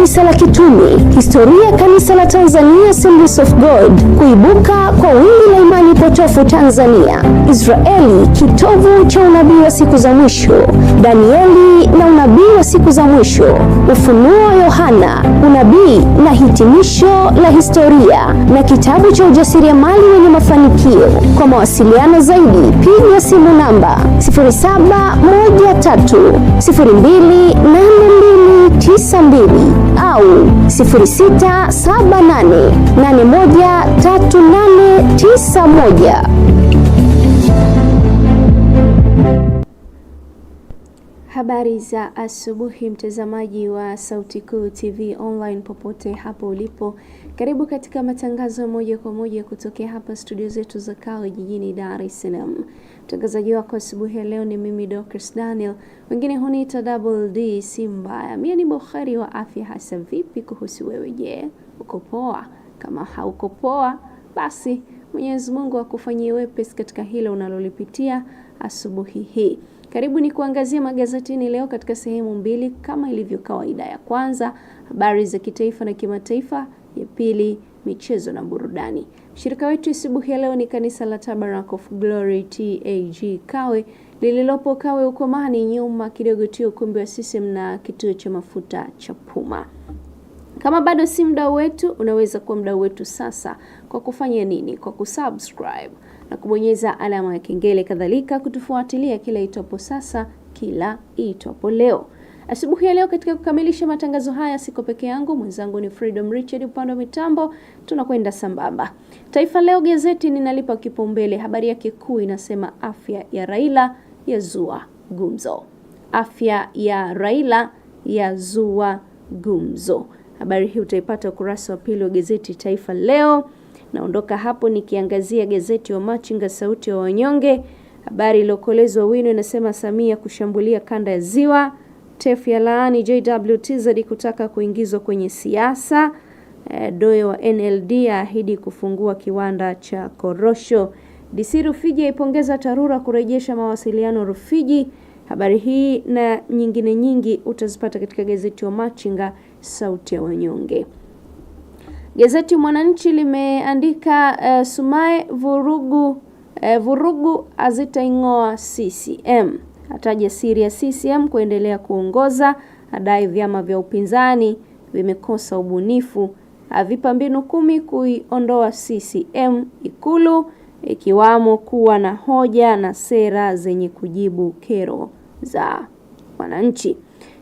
kanisa la kitume, historia ya kanisa la Tanzania Assemblies of God, kuibuka kwa wingi la imani potofu Tanzania, Israeli kitovu cha unabii wa siku za mwisho, Danieli na unabii wa siku za mwisho, Ufunuo Yohana unabii na hitimisho la historia, na kitabu cha mali wenye mafanikio. Kwa mawasiliano zaidi piga simu namba 07130282 92 au 0678813891. Habari za asubuhi, mtazamaji wa Sauti Kuu TV online popote hapo ulipo, karibu katika matangazo moja kwa moja kutokea hapa studio zetu za Kawe jijini Dar es Salaam. Mtangazaji wako asubuhi ya leo ni mimi Dorcas Daniel, wengine huniita Double D, si mbaya. Mie ni bukhari wa afya hasa. Vipi kuhusu wewe? Je, uko poa? Kama hauko poa, basi Mwenyezi Mungu akufanyie wepesi katika hilo unalolipitia asubuhi hii. Karibu ni kuangazia magazetini leo katika sehemu mbili kama ilivyo kawaida. Ya kwanza habari za kitaifa na kimataifa, ya pili michezo na burudani. Shirika wetu asubuhi ya leo ni kanisa la Tabernacle of Glory TAG Kawe lililopo Kawe Ukomani, nyuma kidogo tu ukumbi wa system na kituo cha mafuta cha Puma. Kama bado si mdau wetu, unaweza kuwa mdau wetu sasa kwa kufanya nini? Kwa kusubscribe na kubonyeza alama ya kengele, kadhalika kutufuatilia kila itwapo sasa, kila itwapo leo. Asubuhi ya leo katika kukamilisha matangazo haya siko peke yangu, mwenzangu ni Freedom Richard, upande wa mitambo tunakwenda sambamba. Taifa Leo gazeti ninalipa kipaumbele, habari yake kuu inasema afya ya Raila zua gumzo. Afya ya Raila zua gumzo. Habari hii utaipata ukurasa wa pili wa gazeti Taifa Leo. Naondoka hapo nikiangazia gazeti wa Machinga, sauti ya wa wanyonge. Habari iliyokolezwa wino inasema Samia kushambulia kanda ya Ziwa. TEF ya laani JWTZ kutaka kuingizwa kwenye siasa. E, Doyo wa NLD ahidi kufungua kiwanda cha korosho. DC Rufiji aipongeza TARURA kurejesha mawasiliano Rufiji. Habari hii na nyingine nyingi utazipata katika gazeti wa Machinga, sauti ya wanyonge. Gazeti Mwananchi limeandika e, Sumaye vurugu e, vurugu hazitaing'oa CCM ataja siri ya CCM kuendelea kuongoza, adai vyama vya upinzani vimekosa ubunifu, avipa mbinu kumi kuiondoa CCM Ikulu, ikiwamo kuwa na hoja na sera zenye kujibu kero za wananchi.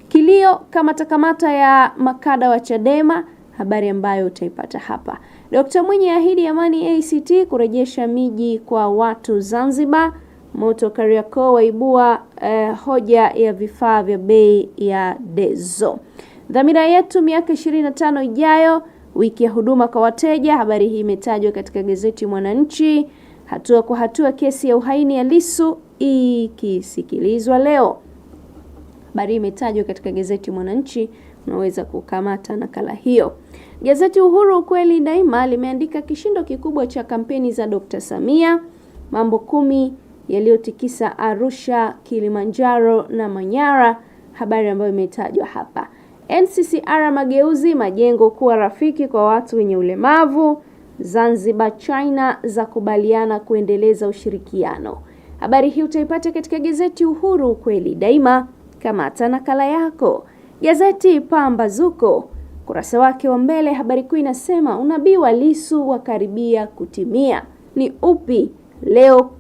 Kilio kamata kamata ya makada wa Chadema, habari ambayo utaipata hapa. Dkt. Mwinyi ahidi amani ACT kurejesha miji kwa watu Zanzibar. Moto Kariakoo waibua eh, hoja ya vifaa vya bei ya Dezo. Dhamira yetu miaka 25 ijayo, wiki ya huduma kwa wateja. Habari hii imetajwa katika gazeti Mwananchi. Hatua kwa hatua kesi ya uhaini ya lisu ikisikilizwa leo. Habari hii imetajwa katika gazeti Mwananchi, unaweza kukamata nakala hiyo. Gazeti Uhuru ukweli daima limeandika kishindo kikubwa cha kampeni za Dr. Samia, mambo kumi yaliyotikisa Arusha, Kilimanjaro na Manyara, habari ambayo imetajwa hapa. NCCR Mageuzi, majengo kuwa rafiki kwa watu wenye ulemavu. Zanzibar, China zakubaliana kuendeleza ushirikiano. Habari hii utaipata katika gazeti Uhuru, ukweli daima. Kamata nakala yako. Gazeti Pambazuko ukurasa wake wa mbele, habari kuu inasema unabii wa Lisu wakaribia kutimia. Ni upi leo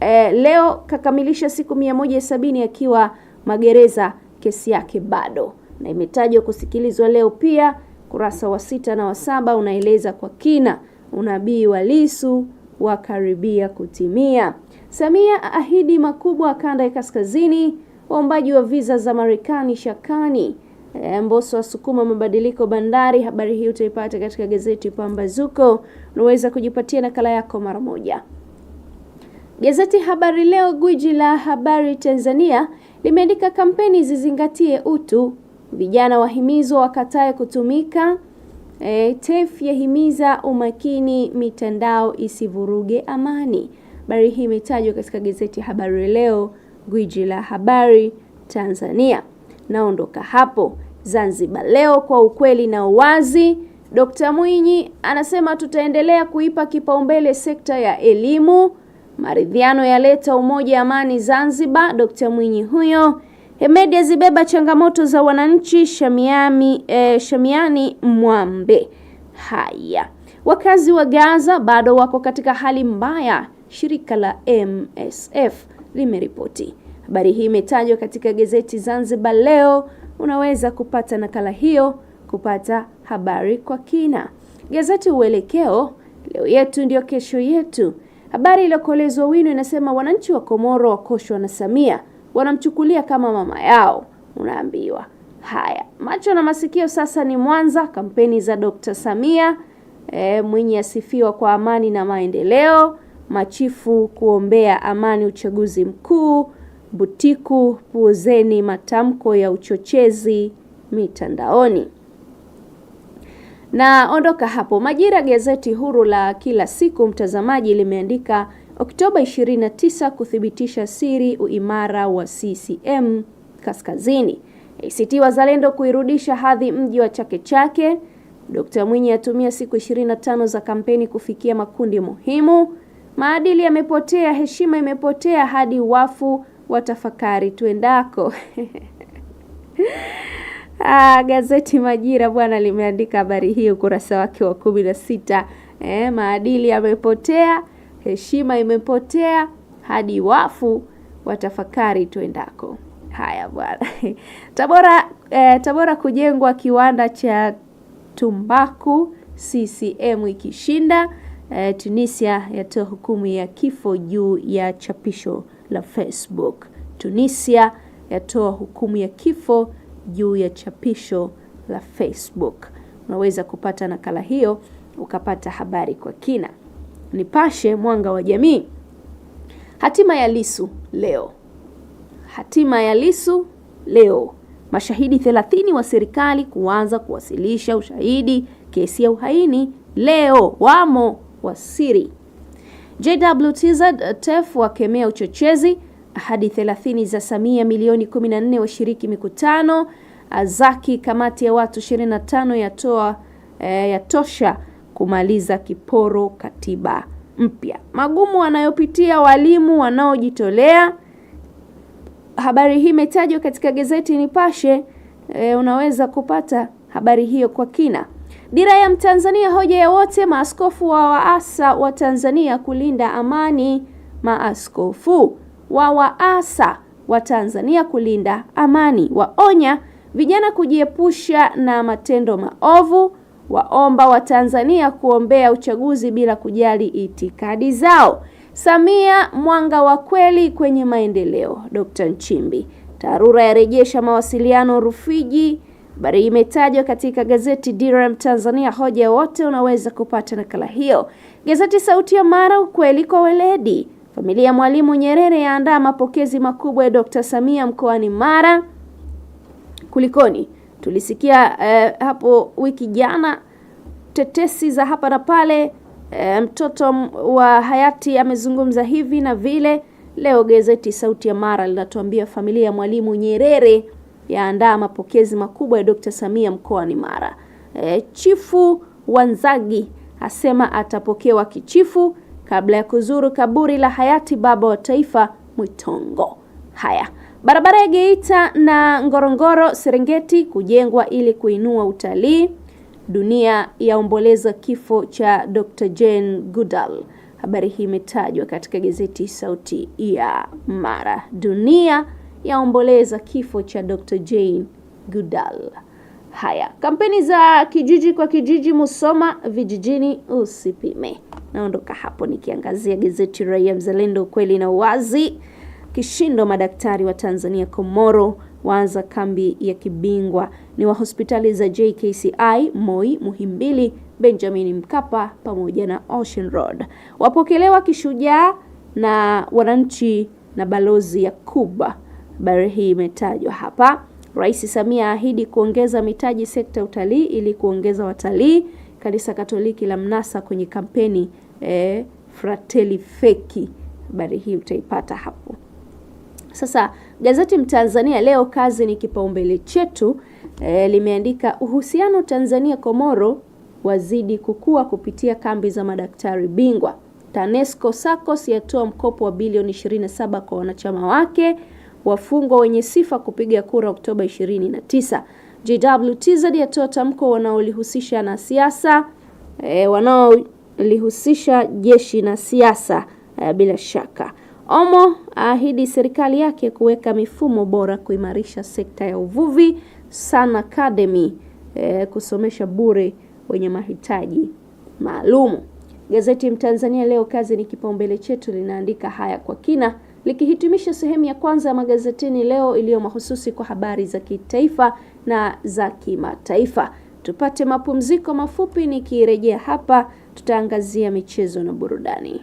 e, leo kakamilisha siku 170 akiwa magereza, kesi yake bado na imetajwa kusikilizwa leo pia. Kurasa wa sita na wa saba unaeleza kwa kina unabii wa Lissu wakaribia kutimia. Samia ahidi makubwa kanda ya kaskazini. Waombaji wa viza za Marekani shakani. E, Mbosso asukuma mabadiliko bandari. Habari hii utaipata katika gazeti Pambazuko, unaweza kujipatia nakala yako mara moja. Gazeti Habari Leo, gwiji la habari Tanzania, limeandika kampeni zizingatie utu, vijana wahimizwa wakatae kutumika. E, TEF yahimiza umakini, mitandao isivuruge amani. Habari hii imetajwa katika gazeti Habari Leo, gwiji la habari Tanzania. Naondoka hapo. Zanzibar Leo, kwa ukweli na uwazi. Dkt. Mwinyi anasema tutaendelea kuipa kipaumbele sekta ya elimu. Maridhiano yaleta umoja, amani Zanzibar. Dkt Mwinyi huyo. Hemedi azibeba changamoto za wananchi Shamiami, e, Shamiani Mwambe. Haya, wakazi wa Gaza bado wako katika hali mbaya, shirika la MSF limeripoti. Habari hii imetajwa katika gazeti Zanzibar Leo. Unaweza kupata nakala hiyo kupata habari kwa kina. Gazeti Uelekeo, leo yetu ndio kesho yetu. Habari iliyokolezwa wino inasema wananchi wa Komoro wakoshwa na Samia, wanamchukulia kama mama yao. Unaambiwa haya, macho na masikio sasa ni Mwanza, kampeni za Dr. Samia. E, Mwinyi asifiwa kwa amani na maendeleo. Machifu kuombea amani uchaguzi mkuu. Butiku, puuzeni matamko ya uchochezi mitandaoni na ondoka hapo. Majira, gazeti huru la kila siku, mtazamaji, limeandika Oktoba 29 kuthibitisha siri uimara wa CCM Kaskazini, ACT Wazalendo kuirudisha hadhi mji wa Chake Chake, Dkt Mwinyi atumia siku 25 za kampeni kufikia makundi muhimu, maadili yamepotea, heshima imepotea, hadi wafu watafakari tuendako Ah, gazeti Majira bwana limeandika habari hii ukurasa wake wa kumi na sita. Eh, maadili yamepotea, heshima imepotea, hadi wafu watafakari tuendako. Haya bwana Tabora, eh, Tabora kujengwa kiwanda cha tumbaku CCM ikishinda. Eh, Tunisia yatoa hukumu ya kifo juu ya chapisho la Facebook. Tunisia yatoa hukumu ya kifo juu ya chapisho la Facebook. Unaweza kupata nakala hiyo ukapata habari kwa kina. Nipashe Mwanga wa Jamii. Hatima ya lisu leo. Hatima ya lisu leo. Mashahidi 30 wa serikali kuanza kuwasilisha ushahidi kesi ya uhaini leo, wamo wasiri. JWTZ TEF wakemea uchochezi hadi 30 za Samia, milioni 14 washiriki mikutano. Azaki ah, kamati ya watu 25 yatoa e, yatosha kumaliza kiporo katiba mpya. Magumu wanayopitia walimu wanaojitolea. Habari hii imetajwa katika gazeti Nipashe. E, unaweza kupata habari hiyo kwa kina. Dira ya Mtanzania, hoja ya wote, maaskofu wa waasa wa Tanzania kulinda amani. Maaskofu wawaasa wa Tanzania kulinda amani, waonya vijana kujiepusha na matendo maovu, waomba Watanzania kuombea uchaguzi bila kujali itikadi zao. Samia mwanga wa kweli kwenye maendeleo. Dkt. Nchimbi, TARURA yarejesha mawasiliano Rufiji. Habari imetajwa katika gazeti DRM Tanzania, hoja wote. Unaweza kupata nakala hiyo. Gazeti Sauti ya Mara, ukweli kwa weledi. Familia ya Mwalimu Nyerere yaandaa mapokezi makubwa ya Dr. Samia mkoani Mara. Kulikoni, tulisikia eh, hapo wiki jana tetesi za hapa na pale. eh, mtoto wa hayati amezungumza hivi na vile. Leo gazeti Sauti ya Mara linatuambia familia ya Mwalimu Nyerere yaandaa mapokezi makubwa ya Dr. Samia mkoani Mara. Eh, Chifu Wanzagi asema atapokewa kichifu kabla ya kuzuru kaburi la hayati baba wa taifa Mwitongo. Haya, barabara ya Geita na Ngorongoro Serengeti kujengwa ili kuinua utalii. Dunia yaomboleza kifo cha Dr. Jane Goodall. Habari hii imetajwa katika gazeti Sauti ya Mara. Dunia yaomboleza kifo cha Dr. Jane Goodall. Haya, kampeni za kijiji kwa kijiji, Musoma vijijini usipime. Naondoka hapo nikiangazia gazeti Raia Mzalendo, ukweli na uwazi. Kishindo, madaktari wa Tanzania Komoro waanza kambi ya kibingwa. Ni wa hospitali za JKCI, Moi, Muhimbili, Benjamin Mkapa pamoja na Ocean Road wapokelewa kishujaa na wananchi na balozi ya Kuba. Habari hii imetajwa hapa. Rais Samia ahidi kuongeza mitaji sekta utalii ili kuongeza watalii kanisa Katoliki la mnasa kwenye kampeni eh, Fratelli Feki. Habari hii utaipata hapo. Sasa gazeti Mtanzania leo kazi ni kipaumbele chetu eh, limeandika uhusiano Tanzania Komoro wazidi kukua kupitia kambi za madaktari bingwa. TANESCO SACCOS yatoa mkopo wa bilioni 27 kwa wanachama wake. Wafungwa wenye sifa kupiga kura Oktoba 29. JWTZ yatoa tamko wanaolihusisha na siasa e, wanaolihusisha jeshi na siasa e, bila shaka. Omo ahidi serikali yake kuweka mifumo bora kuimarisha sekta ya uvuvi. Sun Academy e, kusomesha bure wenye mahitaji maalum. Gazeti Mtanzania leo kazi ni kipaumbele chetu linaandika haya kwa kina likihitimisha sehemu ya kwanza ya magazetini leo iliyo mahususi kwa habari za kitaifa na za kimataifa. Tupate mapumziko mafupi, nikirejea hapa tutaangazia michezo na burudani.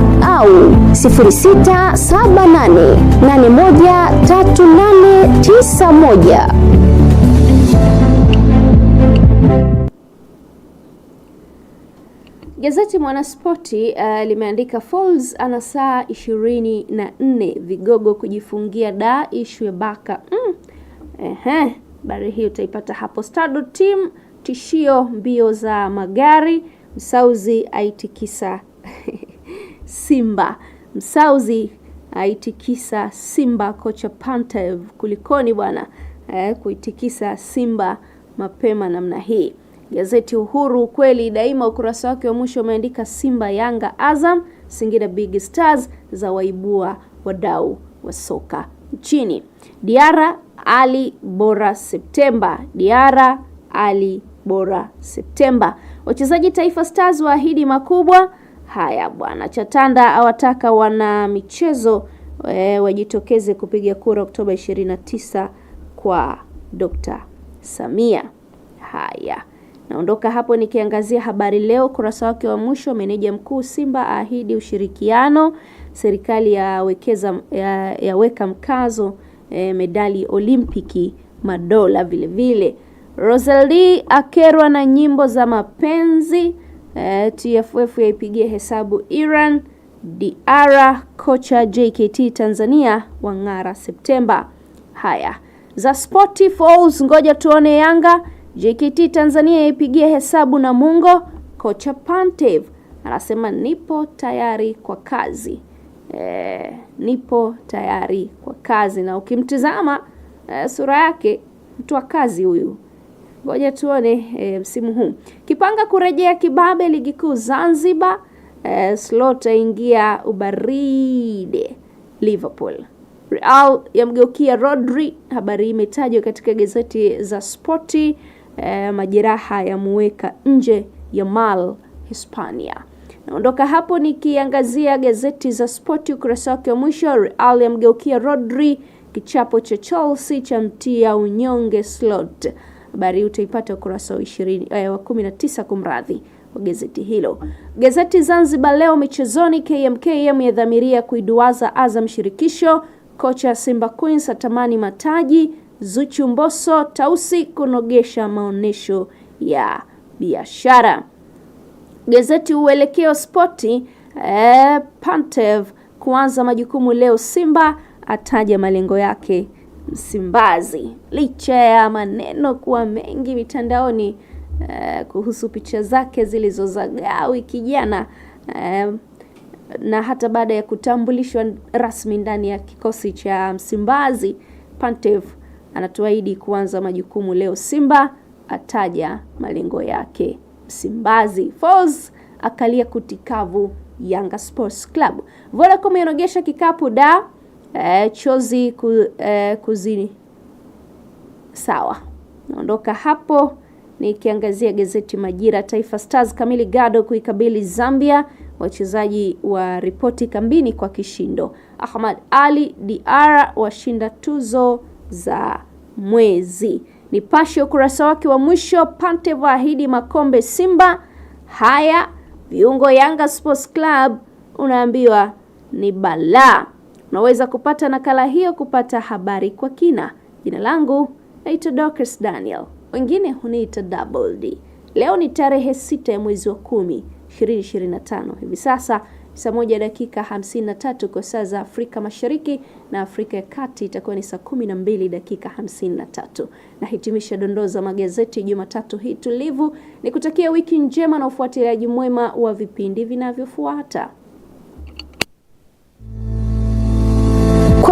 au 0678813891. Gazeti Mwanaspoti uh, limeandika Falls ana saa 24 vigogo kujifungia da ishu ya Baka. Mm. Ehe, habari hii utaipata hapo. Stado team tishio mbio za magari, Msauzi aitikisa Simba. Msauzi aitikisa Simba, kocha Pantev, kulikoni bwana eh, kuitikisa Simba mapema namna hii. Gazeti Uhuru ukweli daima, ukurasa wake wa mwisho umeandika Simba, Yanga, Azam, Singida Big Stars za waibua wadau wa soka nchini. Diara Ali bora Septemba, Diara Ali bora Septemba. Wachezaji Taifa Stars waahidi makubwa Haya bwana, Chatanda awataka wana michezo e, wajitokeze kupiga kura Oktoba 29 kwa Dr. Samia. Haya, naondoka hapo nikiangazia Habari Leo ukurasa wake wa mwisho. Meneja mkuu Simba aahidi ushirikiano, serikali yawekeza yaweka ya mkazo e, medali Olimpiki madola vilevile. Rosalie akerwa na nyimbo za mapenzi Eh, TFF yaipigia hesabu Iran. DR kocha JKT Tanzania wang'ara Septemba. Haya za sporty Falls, ngoja tuone Yanga. JKT Tanzania yaipigia hesabu na mungo Kocha Pantev anasema nipo tayari kwa kazi e, nipo tayari kwa kazi, na ukimtizama e, sura yake mtu wa kazi huyu. Ngoja tuone e, msimu huu Kipanga kurejea kibabe ligi kuu Zanzibar. E, slot aingia ubaride Liverpool. Real yamgeukia Rodri, habari imetajwa katika gazeti za spoti. E, eh, majeraha yamuweka nje mal Hispania. Naondoka hapo nikiangazia gazeti za spoti ukurasa wake wa mwisho. Real yamgeukia Rodri, kichapo cha Chelsea cha mtia unyonge slot Habari utaipata ukurasa wa eh, wa 19 kumradhi wa gazeti hilo. Gazeti Zanzibar Leo michezoni, KMKM yadhamiria kuiduaza Azam shirikisho, kocha Simba Queens atamani mataji, Zuchu Mboso Tausi kunogesha maonyesho ya biashara. Gazeti Uelekeo Spoti eh, Pantev kuanza majukumu leo, Simba ataja malengo yake Msimbazi. Licha ya maneno kuwa mengi mitandaoni eh, kuhusu picha zake zilizozagaa wiki jana eh, na hata baada ya kutambulishwa rasmi ndani ya kikosi cha Msimbazi, Pantev anatuahidi kuanza majukumu leo Simba, ataja malengo yake Msimbazi. Folz akalia kutikavu Yanga Sports Club. Vodacom yanogesha kikapu da eh, chozi ku, eh, kuzini. Sawa, naondoka hapo nikiangazia gazeti Majira, Taifa Stars kamili gado kuikabili Zambia, wachezaji wa ripoti kambini kwa kishindo. Ahmad Ali Diara washinda tuzo za mwezi. Nipashe ukurasa wake wa mwisho, Pantev ahidi makombe Simba. Haya, viungo Yanga Sports Club unaambiwa ni balaa. Unaweza kupata nakala hiyo kupata habari kwa kina. Jina langu naitwa Dorcas Daniel, wengine huniita Double D. Leo ni tarehe sita ya mwezi wa kumi 2025. Hivi sasa saa moja dakika 53 kwa saa za Afrika Mashariki na Afrika ya Kati itakuwa ni saa 12 dakika 53. Nahitimisha dondoo za magazeti Jumatatu hii tulivu, nikutakia wiki njema na ufuatiliaji mwema wa vipindi vinavyofuata.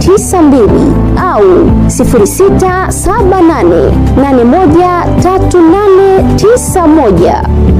92 au 0678813891.